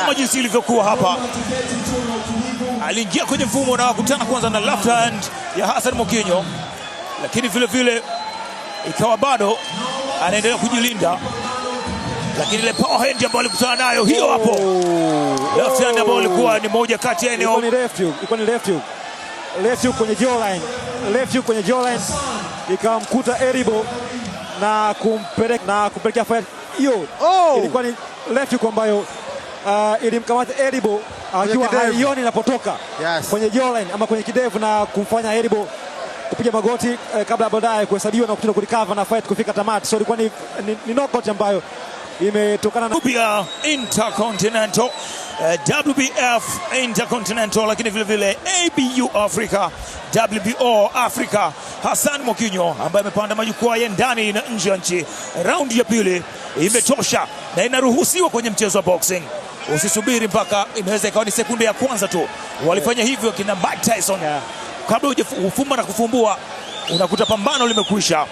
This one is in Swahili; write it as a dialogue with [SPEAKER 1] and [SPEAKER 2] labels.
[SPEAKER 1] Kama jinsi ilivyokuwa hapa, aliingia kwenye mfumo na kukutana kwanza na left hand ya Hassan Mokinyo, lakini vile vile ikawa bado anaendelea kujilinda, lakini ile power hand ambayo alikutana nayo hiyo hapo oh. left hand ambayo ilikuwa ni moja kati ya eneo
[SPEAKER 2] left hook kwenye jaw line, left hook kwenye jaw jawline ikamkuta Eribo na kumpeleka na kumpelekea hiyo. Oh, ilikuwa ni left hook ambayo uh, ilimkamata Eribo akiwa haioni inapotoka yes, kwenye jawline ama kwenye kidevu na kumfanya Edibo kupiga magoti eh, kabla ya baadaye kuhesabiwa na kushindwa kulikava na fight kufika tamati. So ilikuwa ni, ni, ni knockout ambayo imetokana
[SPEAKER 1] na WBL Intercontinental eh, WBF Intercontinental, lakini vile vile ABU Africa, WBO Africa. Hassan Mwakinyo ambaye amepanda majukwaa ya ndani na nje ya nchi, raundi ya pili imetosha na inaruhusiwa kwenye mchezo wa boxing. Usisubiri mpaka inaweza ikawa ni sekunde ya kwanza tu, walifanya hivyo kina Mike Tyson, kabla hujafumba na kufumbua unakuta pambano limekwisha.